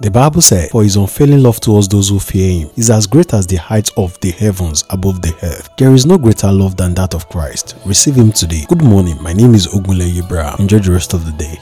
The Bible says, For his unfailing love towards those who fear him is as great as the height of the heavens above the earth. There is no greater love than that of Christ. Receive him today. Good morning. My name is Ogunle Ibrahim. Enjoy the rest of the day.